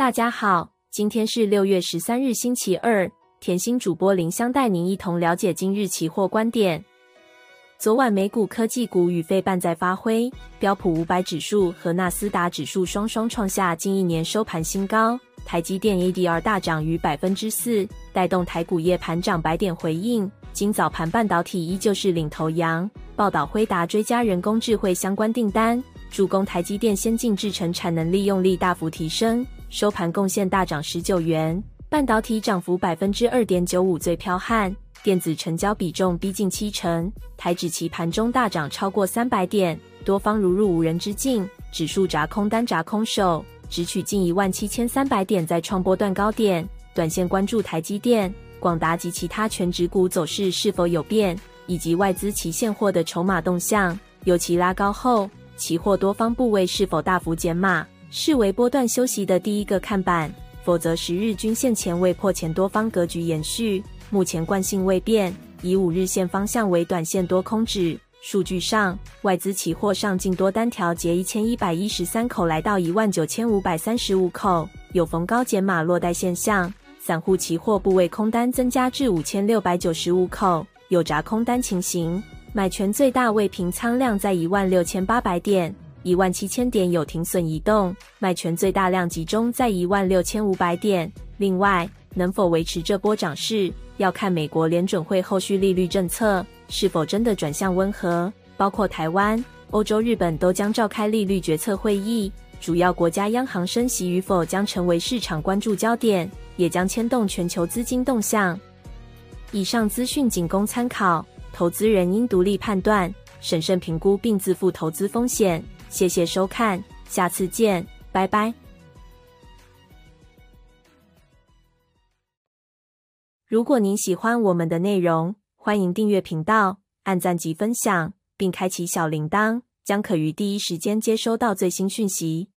大家好，今天是六月十三日，星期二。甜心主播林香帶您一同了解今日期貨觀點。昨晚美股科技股與費半再發揮，標普五百指數和納斯達指數雙雙創下近一年收盤新高。台積電 ADR 大漲逾百分之四，帶動台股夜盤漲百點回應。今早盤半導體依舊是領頭羊，報道輝達追加人工智慧相關訂單，助攻台積電先進製程產能利用率大幅提升。收盤貢獻大漲十九元，半導體漲幅百分之二點九五最剽悍，電子成交比重逼近七成。台指期盤中大漲超過三百點，多方如入無人之境，指數軋空單軋空手，直取近一萬七千三百點，再創波段高點。短線關注台積電、廣達及其他權值股走勢是否有變，以及外資期現貨的籌碼動向，尤其拉高後，期貨多方部位是否大幅減碼。視為波段休息的第一個看板，否則十日均線前未破前多方格局延續，目前慣性未變，以五日線方向為短線多空指。數據上，外資期貨上淨多單調節一千一百一十三口，來到一萬九千五百三十五口，有逢高減碼落袋現象。散戶期貨部位空單增加至五千六百九十五口，有軋空單情形，買權最大未平倉量在一萬六千八百點，一萬七千點有停損移動，賣權最大量集中在一萬六千五百點。另外，能否維持這波漲勢，要看美國聯準會後續利率政策是否真的轉向溫和。包括台灣、歐洲、日本都將召開利率決策會議，主要國家央行升息與否將成為市場關注焦點，也將牽動全球資金動向。以上資訊僅供參考，投資人應獨立判斷，審慎評估並自負投資風險。謝謝收看，下次見，拜拜。如果您喜歡我們的內容，歡迎訂閱頻道，按讚及分享，並開啟小鈴鐺，將可於第一時間接收到最新訊息。